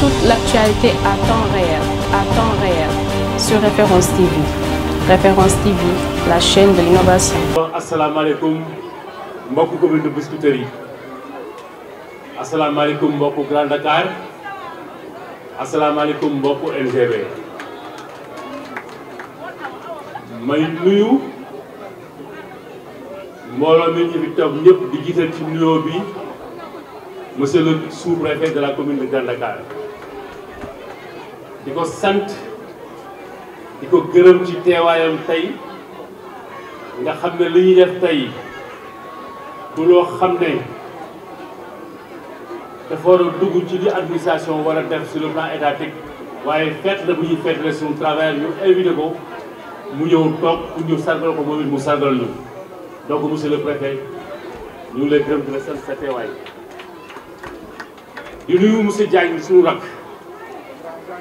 toute l'actualité à temps réel, à temps réel, sur Référence TV. Référence TV, la chaîne de l'innovation. Assalamu alaikum, commune de Biscuiterie asalaamaaleykum mbokku Grand Dakar Assalamu alaikum, beaucoup may nuyu mbooloo di ci monsieur le sous-préfet de la commune de Grand Dakar. di ko sant di ko gërëm ci teewaayam tey nga xam ne li ñuy def tey du loo xam ne dafa war a dugg ci di administration war a def sur le plan étatique waaye fête la bu ñuy fête la suñu travail ñu invité ko mu ñëw toog ku ñu sargal ko moom it mu sargal ñu donc monsieur le préfet ñu ngi lay gërëm di la sant sa teewaay di nuyu monsieur Diagne suñu rakk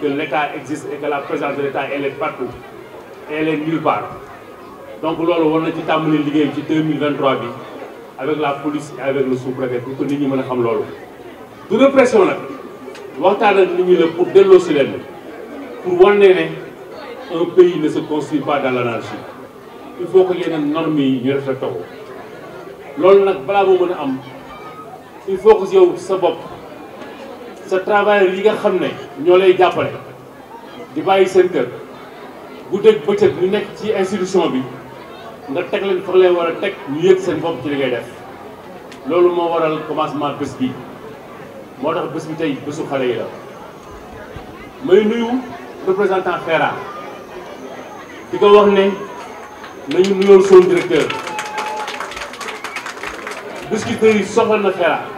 que l'État existe et que la présence de l'État, elle est partout. Elle est nulle part. Donc, on a dit 2023 avec la police et avec le sous-préfet pour que nous De répression, pour Pour un pays ne se construit pas dans l'anarchie. Il faut qu'il y ait une norme il faut que sa travailleur yi nga xam ne ñoo lay jàppale di bàyyi seen kër guddeeg bëccëg ñu nekk ci institution bi nga teg leen fa lay war a teg ñu yëg seen bopp ci li ngay def loolu moo waral commencement bés bi moo tax bés bi tey bésu xale yi la may nuyu représentant FERA di ko wax ne nañu nuyoon son directeur biscuiterie yi soxla na FERA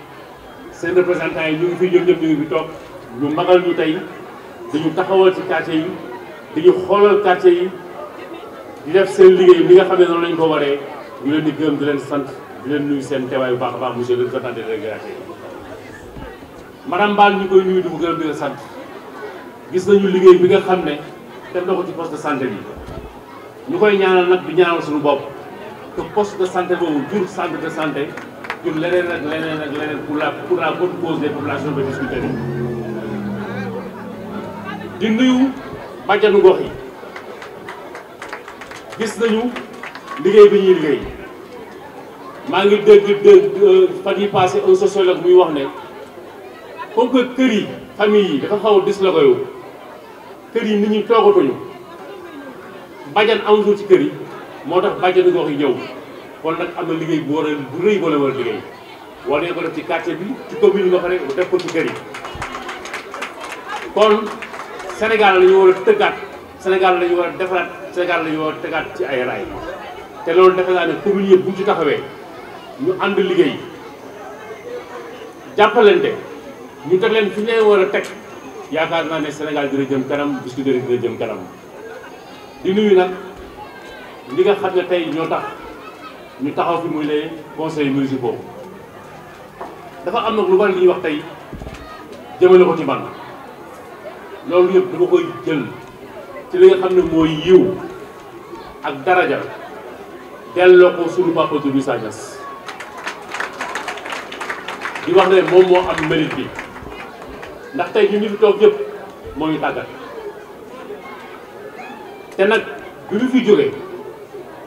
seen représentant yi ñu ngi fi ñoom ñëpp ñu ngi toog ñu magal ñu tey dañu taxawal ci quartier yi dañu xoolal quartier yi di def seen liggéey bi nga xam ne noonu lañ ko waree ñu leen di gërëm di leen sant di leen nuyu seen teewaay bu baax a baax monsieur le président des délégations madame Ball ñu koy nuyu di ko gërëm di la sant gis nañu liggéey bi nga xam ne def na ko ci poste de santé bi ñu koy ñaanal nag di ñaanal suñu bopp te poste de santé boobu jur centre de santé leneen ak leneen ak leneen pour la pour la bonne cause des populations de discuter di nuyu bàjjanu gox yi gis nañu liggéey bi ñuy liggéey maa ngi dégg dégg euh, fan yi passé un sociologue muy wax ne comme kër yi famille yi dafa xaw a disloqué wu kër yi nit ñi toogatuñu bàjjan amatul ci kër yi moo tax bàjjanu gox yi ñëw. kon nak amna na liggéey bu war bu reuy boole war a liggéey war ko ci quartier bi ci commune bi ba pare def ko ci kër yi kon Sénégal la ñu war a tëggaat Sénégal la ñu war a defaraat Sénégal la ñu war a ci ay ray te loolu defe naa ne commune yëpp bu ci taxawé ñu and liggéey jappalante ñu tek leen fi ñu wara tek yaakaar na ne Sénégal dina jëm kanam Biscuiterie dina jëm kanam di nuyu nak li nga xam tay ñoo tax. ñu taxaw fi muy les conseils municipaux dafa am nag lu bari li ñuy wax tey jëmale ko ci man loolu yëpp dama koy jël ci li nga xam ne mooy yiw ak daraja delloo ko suñu papa Doudou Sagnès di wax ne moom moo am mérite bi ndax tey ñu ngi fi toog yëpp moo ñu tàggat te nag bi fi jógee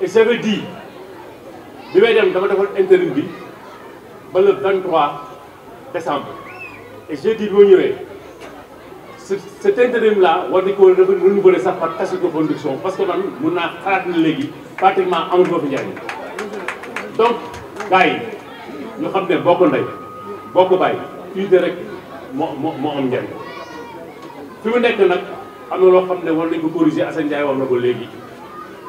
et ça veut bi may dem dama defoon intérim bi ba le 23 décembre et jeudi bi ma ñëwee cet intérim là war nañu ko renouveler sax par tacite conviction parce que man mun naa xalaat ne léegi pratiquement amatu ma fi njariñ donc gars yi ñu xam ne bokk ndey bokk bàyyi unité rek moo moo am njariñ fi mu nekk nag am na loo xam ne war nañu ko corriger Assane Ndiaye wax na ko léegi.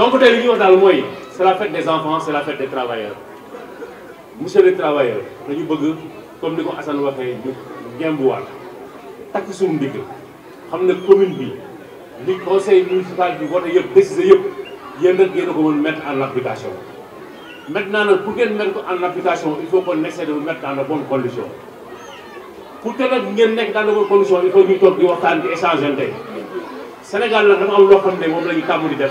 donc tey li ñuy wax c'est la fête des enfants c'est la fête des travailleurs monsieur les travailleurs dañu bëgg comme ni ko Assane waxee ñu gembuwaat takk suñu ndigg commune bi le conseil municipal du woote yëpp y a yéen rek ngeen ko mettre en application maintenant pour que mettre ko en application il faut qu'on essaie de vous mettre dans bonne condition. pour que nag ngeen bonne dans de bonnes il faut ñu toog di waxtaan di échanger Sénégal nag dafa l'offre de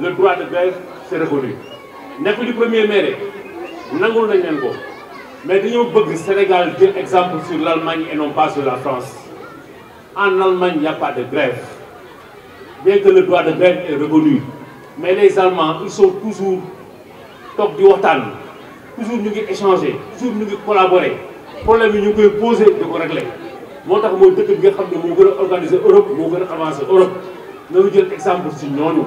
le droit de grève c'est reconnu pas du premier maire nangul nañ de ko mais que le Sénégal donne exemple sur l'Allemagne et non pas sur la France en Allemagne il n'y a pas de grève bien que le droit de grève est reconnu mais les Allemands ils sont toujours top du waxtaan toujours nous ngi échanger toujours ñu ngi collaborer problème yi ñu koy poser nous ko régler Moi, je suis dëkk bi nga xam ne gën organiser Europe Nous gën avancer Europe exemple sur nous.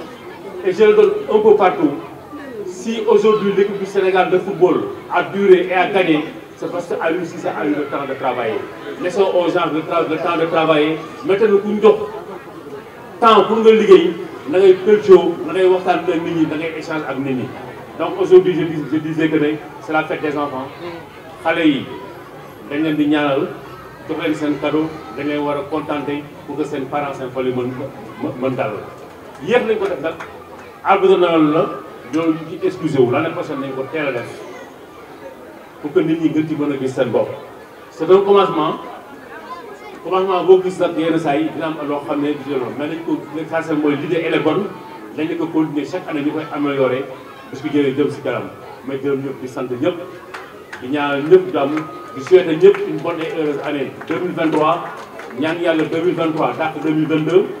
et je le donne un peu partout, si aujourd'hui l'équipe du Sénégal de football a duré et a gagné, c'est parce qu'à lui aussi, ça a eu le temps de travailler. Laissons aux gens le, temps de travailler. Mettez-nous un temps pour nous liguer, nous avons jours, nous avons temps de nous avons échange avec nous. Donc aujourd'hui, je, disais que c'est la fête des enfants. Les enfants, nous avons ñaanal jox leen cadeau da ngay contenter pour que ses parents s'en mentalement. yi mën Hier dal arbre de Noël la ñooñu ci excusé wu l'année passé nañ ko téla def pour que nit ñi gën ci mën gis sen bop c'est un commencement commencement boo gis nag yenn saa yi dina am lo xamné ne du ci mais nañ ko li nga xam mooy l'idée elle ko continuer chaque année ñu koy améliorer parce que jëlee jëm si kanam may gërëm ñëpp di sant ñëpp di ñaanal ñëpp jàmm di souhaiter ñëpp une bonne et heureuse année 2023 ñaan yalla 2023 tak 2022.